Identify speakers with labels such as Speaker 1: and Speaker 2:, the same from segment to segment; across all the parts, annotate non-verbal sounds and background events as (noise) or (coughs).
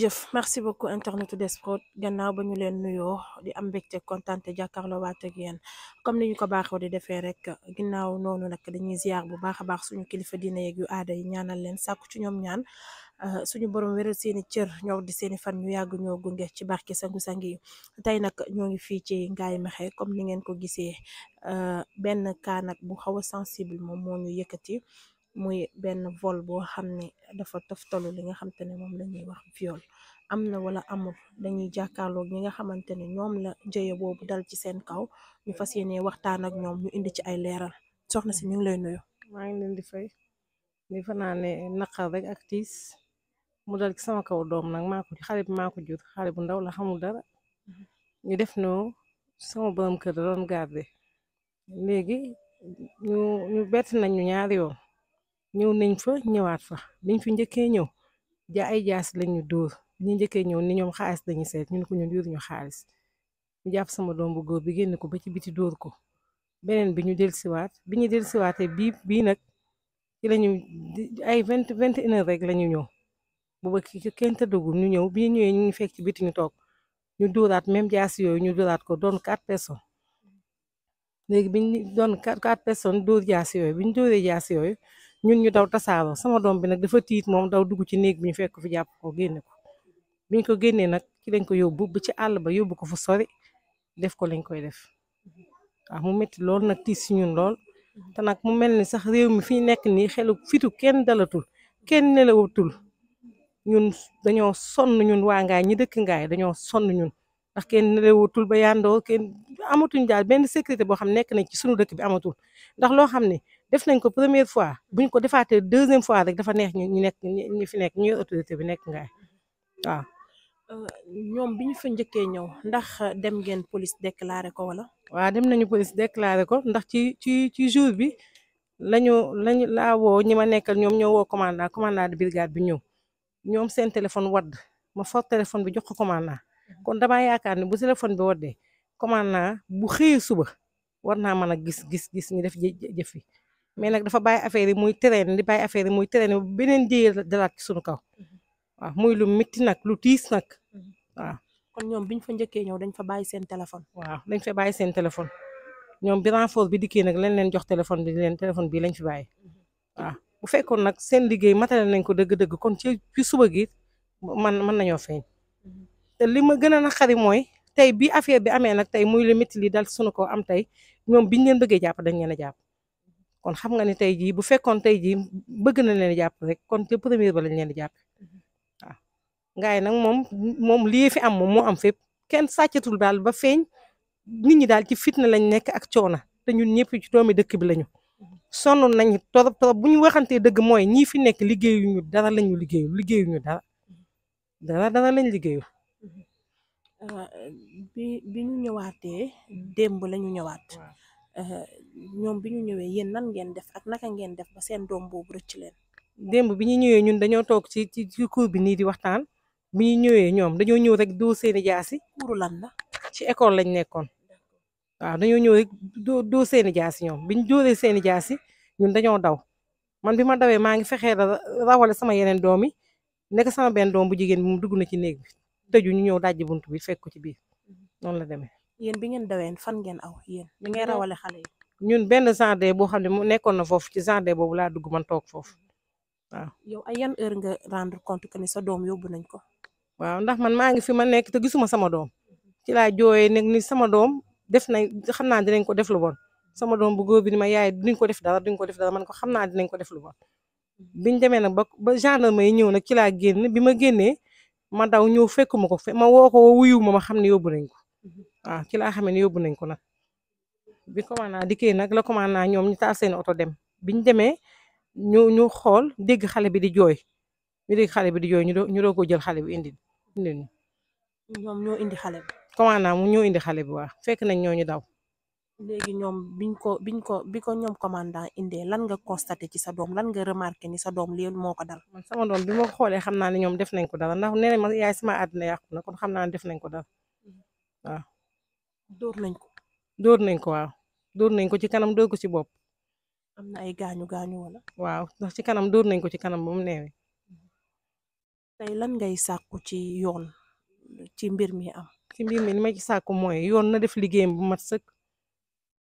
Speaker 1: jërëjëf merci beaucoup internet DS Prod gannaaw ba ñu leen nuyoo di am mbégte kontaan te jàkkaarloo waat comme ni ñu ko baaxoo di defee rek ginnaaw noonu nag dañuy ziar bu baax a baax suñu kilifa diine yeeg yu aada yi ñaanal leen sàkku ci ñoom ñaan euh, suñu borom wéral seeni cër ñoo di seeni fan ñu yàgg ñoo gunge ci barke sangu-sang yi tey nag ñoo ngi fii ci ma Mékhé comme ni ngeen ko gisee euh, benn kaa bu xaw a sensible moom moo ñu yëkkati. muy benn vol boo xamne dafa toftalu li nga xamtene moom lañuy wax viol na wala amul dañuy jàkkaarloog ñi nga xamantene ñoom la jëye boobu dal ci seen kaw ñu fas yene waxtaan ak ñoom ñu indi ci ay leeral soxna si ñu lay nuyu maa ngi leen di fay di fanaane naqar rek ak tiis
Speaker 2: mu dal ci sama kaw doom nag maako xale bi maako jur xale bu ndaw la xamul dara ñu def noo sama borom kër da doon garde léegi ñu ñu bett nañ ñu ñaari yoon ñëw nañ fa ñëwaat fa biñ fi njëkkee ñëw ja ay jaas lañ lañu dóor ñu njëkkee ñëw ni ñoom xaalis dañuy seet ñu ne ko ñun yoruñu xaalis ñu jàpp sama doom bu góor bi génn ko ba ci biti dóor ko beneen bi ñu del siwaat bi ñu del siwaatee bii bii nag ci lañu ay vingt vingt et une la ñu ñëw booba ki kenn tëddagul ñu ñëw bi ñu ñëwee ñu ngi fekk ci biti ñu toog ñu dóoraat même jaas yooyu ñu dóoraat ko doon quatre personnes léegi bi ñu doon quatre personnes dóor jaas yooyu bi ñu dóoree jaas yooyu ñun ñu daw tasaaro sama doom bi nag dafa tiit moom daw dugg ci néeg bi ñu fekk fi jàpp ko génne ko bi ñu ko génnee nag ci lañ ko yóbbu ba ci àll ba yóbbu ko fu sori def ko lañ koy def waaw mu métti lool nag tiis si ñun lool mm-hmm. te nag mu mel ni sax réew mi fi nekk nii xelu fitu kenn dalatul kenn nelawatul ñun dañoo sonn ñun waa ngaay ñi dëkk ngaay dañoo sonn ñun ndax kenn nelawatul ba yàndoo kenn amatuñ daal benn sécurité boo xam nekk nañ ci suñu dëkk bi amatul def nañ ko première fois buñ ko defaatee deuxième fois rek dafa neex ñu nekk ñu fi nekk ñuy autorité bi nekk ngaay waaw.
Speaker 1: Euh, ñoom bi ñu fa njëkkee ñëw ndax dem ngeen police déclaré ko wala.
Speaker 2: waaw dem nañu police déclaré ko ndax ci ci ci jour bi lañu lañu la woo ñi ma nekkal ñoom ñoo woo commandant commandant de brigade bi ñëw ñoom seen téléphone wadd ma for téléphone bi jox ko commandant kon damaa yaakaar ne bu téléphone bi waddee commandant bu xëyee suba war naa mën a gis gis gis ñu def jëf yi mais nag dafa bàyyi affaire yi muy traîner di bàyyi affaire yi muy traîner beneen jéer dalaat ci suñu kaw mmh. waaw muy lu métti nag lu tiis nag mmh.
Speaker 1: kon ñoom biñ fa njëkkee ñëw dañ fa bàyyi seen téléphone. waaw
Speaker 2: dañ fa bàyyi seen téléphone ñoom bi renfort bi dikkee nag lañ leen jox téléphone bi leen téléphone bii lañ fi bàyyi mmh. waaw bu fekkoon nag seen liggéey matale nañ ko dëgg-dëgg kon ci ci suba gi man mën nañoo feeñ te li ma gën a naqari mooy tey bi affaire bi amee nag tey muy lu métti li dal sunu ko am tey ñoom biñ leen bëggee jàpp dañ leen a jàpp. kon xam nga ne tey jii bu fekkoon tey jii bëgg na leen jàpp rek kon te premier ba lañ leen di jàpp mhm. waaw ngaay nag moom moom lii fi am moom moo am fépp kenn sàccatul daal ba feeñ nit ñi daal ci fitna lañ nekk ak coona te ñun ñëpp ci doomi dëkk bi lañu mhm. sonn nañ torop torop bu ñu waxantee dëgg mooy ñii fi nekk liggéeyuñu dara lañu liggéeyu liggéeyuñu dara mhm. dara dara lañ liggéeyu
Speaker 1: euh, bi bi ñu ñëwaatee démb lañu ñëwaat Eh, ñoom bi ñu ñëwee yéen nan ngeen def ak naka ngeen def ba seen doom boobu rëcc leen.
Speaker 2: démb bi ñu ñëwee ñun dañoo toog ci ci ci cour bi nii di waxtaan bi ñu ñëwee ñoom dañoo ñëw rek doo seeni jaasi. kuuru lan la ci école lañ nekkoon waaw dañoo ñëw rek doo doo seeni jaasi ñoom bi ñu dóoree seeni jaasi ñun dañoo daw man bi ma dawee maa ngi fexee rawale sama yeneen doom yi nekk sama benn doom bu jigéen bi mu dugg na ci néeg bi tëju ñu ñëw dajji bunt bi fekk ko ci biir mm-hmm. noonu la demee.
Speaker 1: yéen bi ngeen daween fan ngeen aw yéen li ngay rawale xale yi.
Speaker 2: ñun benn jardin boo xam ne mu nekkoon na foofu ci jardin boobu laa dugg man toog foofu waaw.
Speaker 1: yow ay yan heure nga rendre compte que ni sa doom yóbbu nañ ko.
Speaker 2: waaw ndax man maa ngi fi ma nekk te gisuma sama doom ci laa jooyee nag ni sama doom def nañ xam naa dinañ ko def lu bon sama doom bu góor bi ni ma yaay duñ ko def dara duñ ko def dara man ko xam naa dinañ ko def lu bon biñ demee nag ba ba gendarme yi ñëw nag ci laa génn bi ma génnee ma daw ñëw fekkuma ko fe ma woo ko wuyu ma ma xam ne yóbbu nañ ko. waaw ah, ci laa xamee ne yóbbu nañ ko nag bi commandant dikkee nag la commandant ñoom ñu taal seen oto dem biñ demee ñu ñu xool dégg xale bi di jooy ñu dégg xale bi di jooy ñu ñu doo ko jël xale bi indi indi
Speaker 1: ñoom ñoo indi xale bi
Speaker 2: commandant mu ñoo indi xale bi waa fekk nañ ñoo ñu daw
Speaker 1: léegi ñoom biñ ko biñ ko bi ko ñoom commandant indee lan nga constaté ci sa doom lan nga remarqué ni sa doom lii moo ko dal man sama doom bi ma ko xoolee xam naa ne ñoom
Speaker 2: def nañ ko dal ndax nee na ma yaay sama àddina yàqu na kon xam naa ne def nañ ko dal dóor nañ ko. dóor nañ ko waaw dóor nañ ko ci kanam dóor ko ci bopp. am na ay gaañu gaañu wala. waaw ndax ci kanam dóor nañ ko ci kanam ba mu neewee. lan ngay sàkku ci yoon ci mbir mi am. ci mbir mi li ma ci sàkku mooy yoon na def liggéeyam bu mat sëkk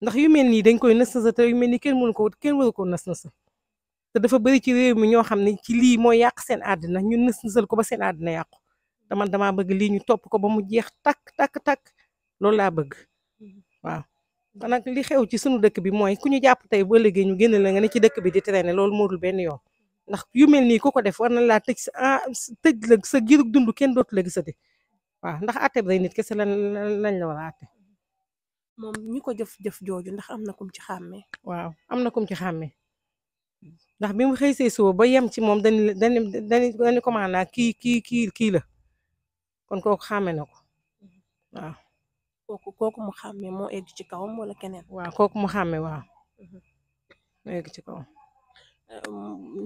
Speaker 2: ndax yu mel nii dañ koy nës nasa te yu mel nii kenn mënu ko kenn waru ko nës nasa dafa bari ci réew mi ñoo xam ne ci lii mooy yàq seen àddina ñu nës nësal ko ba seen àddina yàqu dama man damaa bëgg lii ñu topp ko ba mu jeex takk takk takk loolu laa bëgg mm-hmm. waaw kon li xew ci sunu dëkk bi mooy ku ñu jàpp tey ba léegi ñu génn la ne ci dëkk bi di traîner lool moorul benn yoon ndax yu mel nii ku ko def war na laa tëj sa ah, tëj la sa giirug dund kenn dootu la gisati waaw ndax àtte bi nit kese la lañ la war a mm-hmm.
Speaker 1: moom ñu ko jëf jëf jooju ndax am na kum ci xàmmee.
Speaker 2: waaw am na kum ci xàmmee ndax bi mu xëy see suba ba yem ci moom dañu dañu dañu dañu commande kii kii kii kii la kon kooku xàmme na ko mm-hmm. waaw.
Speaker 1: kooku kooku mu xàmme moo egg ci kawam wala keneen. waaw kooku mu xàmme waaw. Mhm. ci kawam.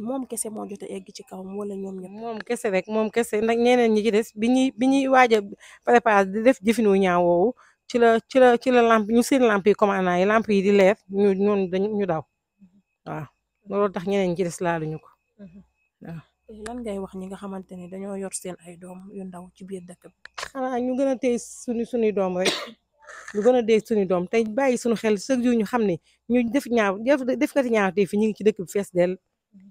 Speaker 1: moom kese moo jot a egg ci kawam wala ñoom moom kese rek
Speaker 2: moom kese nag ñeneen ñi ci des bi ñuy bi ñuy waaj a préparé di def jëfinu ñaaw woowu ci la ci la ci la lamp ñu seen lamp yi yi lamp yi di leer ñu ñun dañu ñu daw mhm. waaw loolu tax ñeneen ci des laaluñu ko mhm.
Speaker 1: lan ngay wax ñi nga xamante ni dañoo yor seen ay doom yu ndaw ci biir dëkk bi.
Speaker 2: xanaa ñu gën a téye suñu suñuy doom rek ñu gën a dee suñu doom tey bàyyi suñu xel chaque jour ñu xam ne ñu def ñaaw def defkati ñaaw tey fi ñu ngi ci dëkk bi fees dell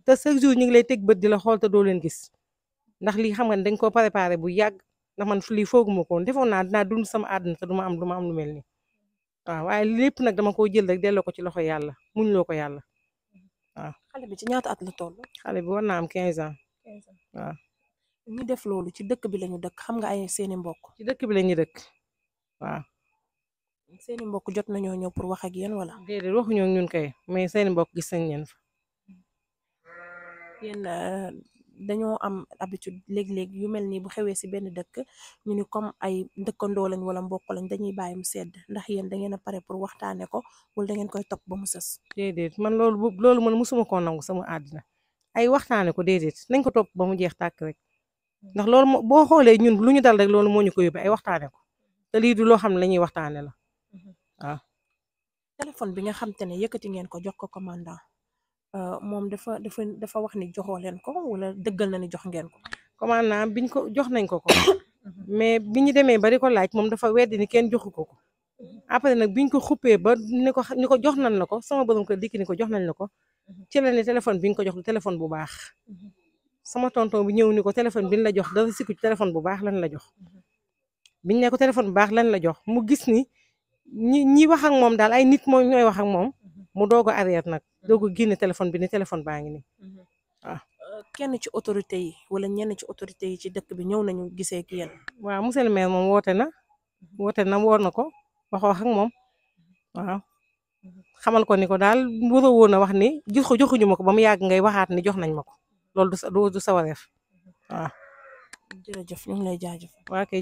Speaker 2: te chaque jour ñu ngi lay teg bët di la xool te doo leen gis ndax lii xam nga dañ koo préparé bu yàgg ndax man lii fooguma ko defoon naa dinaa dund sama àdduna te duma am duma am lu mel nii waaw waaye lépp nag dama koo jël rek delloo ko ci loxo yàlla muñ loo ko yàlla waaw.
Speaker 1: xale bi ci ñaata at la toll.
Speaker 2: xale bi war waaw
Speaker 1: ñi def loolu ci dëkk bi lañu dëkk xam nga ay seeni mbokk ci dëkk bi lañu dëkk waaw seeni mbokk jot nañoo ñëw pour wax ak yéen wala
Speaker 2: déedéet waxuñoo ñun kay mais seeni mbokk gis nañ leen fa
Speaker 1: euh, dañoo am habitude léeg-léeg yu mel nii bu xewee si benn dëkk ñu ni comme ay dëkkandoo lañ wala mbok lañ dañuy bàyyi mu sedd ndax yéen da ngeen a pare pour waxtaane ko wala da ngeen koy topp ba mu sës
Speaker 2: déedéet man loolu loolu man musuma koo nangu sama àddina ay waxtaane ko déedéet nañ ko topp ba mu jeex tàkk rek mm-hmm. ndax loolu boo xoolee ñun lu ñu dal rek loolu moo ñu ko yóbbee ay waxtaane ko mm-hmm. te lii du loo xam ne la ñuy waxtaane la mm-hmm.
Speaker 1: téléphone bi nga xam te ne yëkkati ngeen ko jox ko commandant euh, moom dafa dafa dafa wax ni joxoo leen ko wala dëggal na ni jox ngeen ko commandant
Speaker 2: biñ ko jox nañ ko ko (coughs) mais bi ñu demee ba di ko laaj moom dafa weddi ni kenn joxu ko ko après nag biñ ko xuppee ba ni ko ni ko jox nañ la ko sama borom kër dikk ni ko jox nañ la ko ci téléphone bi nga ko jox téléphone bu baax sama tonton bi ñëw ni ko téléphone bi la jox dafa sikku téléphone bu baax lan la jox biñ ne ko téléphone bu baax lan la jox mu gis ni ñi ñi wax ak moom daal ay nit moom ñooy wax ak moom mu doog a arrière nag doog génne téléphone bi ni téléphone baa ngi nii waaw.
Speaker 1: kenn ci autorité yi wala ñenn ci autorité yi ci dëkk bi ñëw nañu gisee ak yéen.
Speaker 2: waaw monsieur le moom woote na woote na woor na ko waxoo ak moom waaw. xamal ko ni ko daal waroo woon a wax ni jox joxuñu ma ko ba mu yàgg ngay waxaat ni jox nañ ma ko loolu du sa du sa wareef waaw.
Speaker 1: jërëjëf ñu ngi lay jaajëf. waa kay